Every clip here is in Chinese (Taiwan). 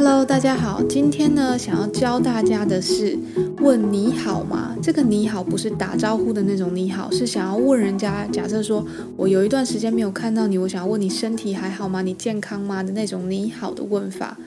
Hello，大家好。今天呢，想要教大家的是問你好嗎？這個你好不是打招呼的那種你好，是想要問人家。假設說我有一段時間沒有看到你，我想要問你身體還好嗎？你健康嗎？的那種你好”的問法。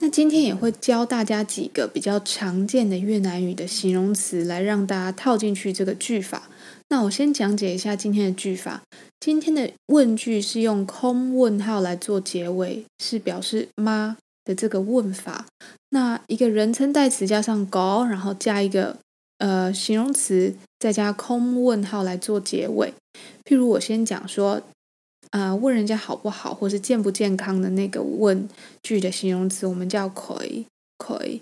那今天也會教大家幾個比較常見的越南語的形容詞，來讓大家套進去這個句法。那我先講解一下今天的句法。今天的問句是用空問號來做結尾，是表示嗎？的這個問法，那一個人稱代詞加上 go，然後加一個呃形容詞，再加空問號來做結尾。譬如我先講說，呃，問人家好不好，或是健不健康的那個問句的形容詞，我們叫 koi koi。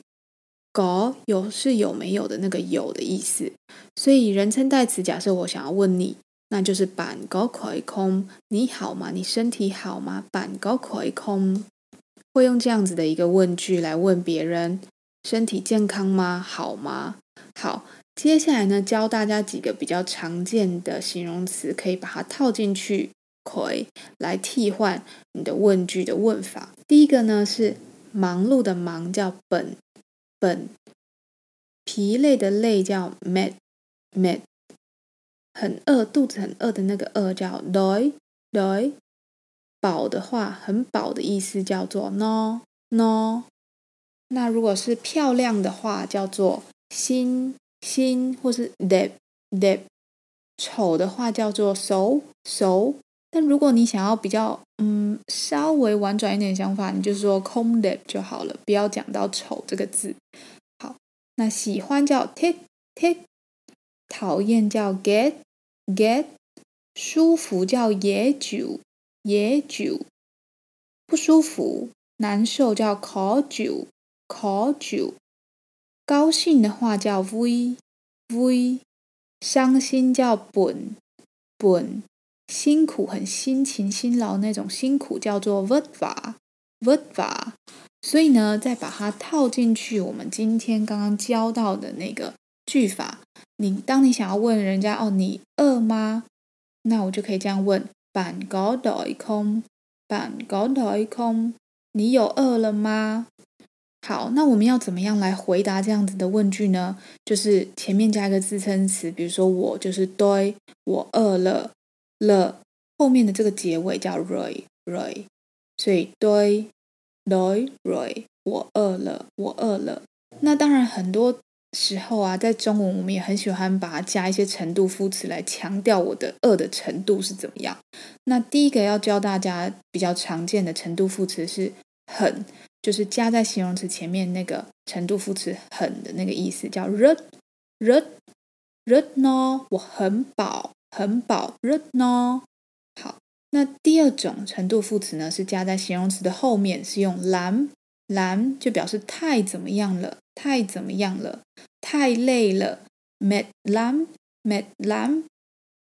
go 有是有沒有的那個有的意思，所以人稱代詞，假設我想要問你，那就是 ban go koi kong。你好嗎？你身體好嗎？ban go koi kong。會用這樣子的一個問句來問別人身體健康嗎？好嗎？好，接下來呢，教大家幾個比較常見的形容詞，可以把它套進去，可以來替換你的問句的問法。第一個呢是忙碌的忙叫 bận bận，疲累的累叫 mệt mệt，很餓肚子很餓的那個餓叫 đói đói。飽的話，很飽的意思叫做 no no。那如果是漂亮的話，叫做 xinh xinh，或是 đẹp đẹp。醜的話叫做 xấu xấu。但如果你想要比較嗯稍微婉轉一點想法，你就說 không đẹp 就好了，不要講到醜這個字。好，那喜歡叫 thích thích，討厭叫，討厭叫 ghét ghét，舒服叫 dễ chịu。野酒，不舒服、難受叫 khó chịu，khó chịu；高興的話叫 vui, vui；傷心叫 buồn, buồn，辛苦、很辛勤、辛勞那種辛苦叫做 vất vả, vất vả。所以呢，再把它套進去，我們今天剛剛教到的那個句法，你，當你想要問人家哦，你餓嗎？那我就可以這樣問。bạn có đói không，bạn có đói không，你有餓了嗎？好，那我們要怎麼樣來回答這樣子的問句呢？就是前面加一個自稱詞，比如說我就是對我餓了了，後面的這個結尾叫蕊蕊，所以對對蕊，r 我餓了，我餓了。那當然很多。時候啊，在中文我們也很喜歡把它加一些程度副詞來強調我的餓的程度是怎麼樣。那第一個要教大家比較常見的程度副詞是“很”，就是加在形容詞前面那個程度副詞“很”的那個意思，叫 “rất、rất、rất no”，我很飽，很飽，rất no。好，那第二種程度副詞呢，是加在形容詞的後面，是用 “lắm、lắm”，就表示太怎麼樣了。太怎麼樣了？太累了。mệt lắm，mệt lắm，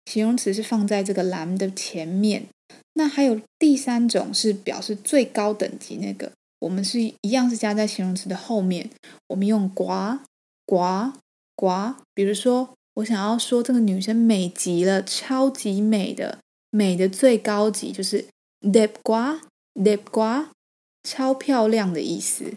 形容詞是放在這個 lắm 的前面。那還有第三種是表示最高等級那個，我們是一樣是加在形容詞的後面。我們用 quá，quá，quá，比如說，我想要說這個女生美極了，超級美的，美的最高級就是 đẹp quá，đẹp quá，超漂亮的意思。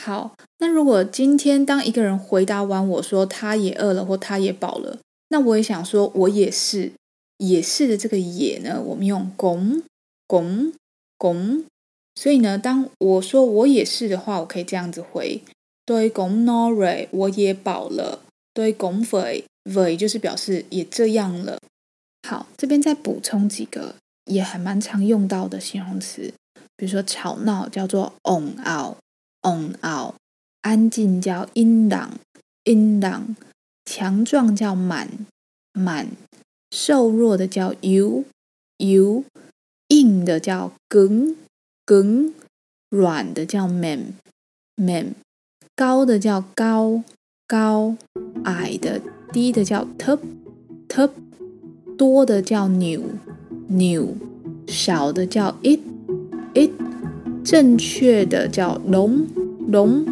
好，那如果今天當一個人回答完我說他也餓了或他也飽了，那我也想說我也是。也是的這個也呢，我們用拱拱拱。所以呢，當我說我也是的話，我可以這樣子回，對拱 no re, 我也飽了，對拱 vay vay 就是表示也這樣了。好，這邊再補充幾個也很蠻常用到的形容詞，比如說吵鬧叫做 ồn ào out、嗯哦、安靜叫陰朗，陰朗；強壯叫滿滿，瘦弱的叫油油；硬的叫梗梗，軟的叫綿綿；高的叫高高，矮的低的叫特特；多的叫紐紐，少的叫一一。正確的叫隆隆，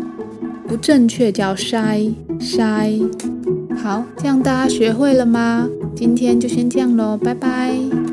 不正確叫篩篩。好，這樣大家學會了嗎？今天就先這樣嘍，拜拜。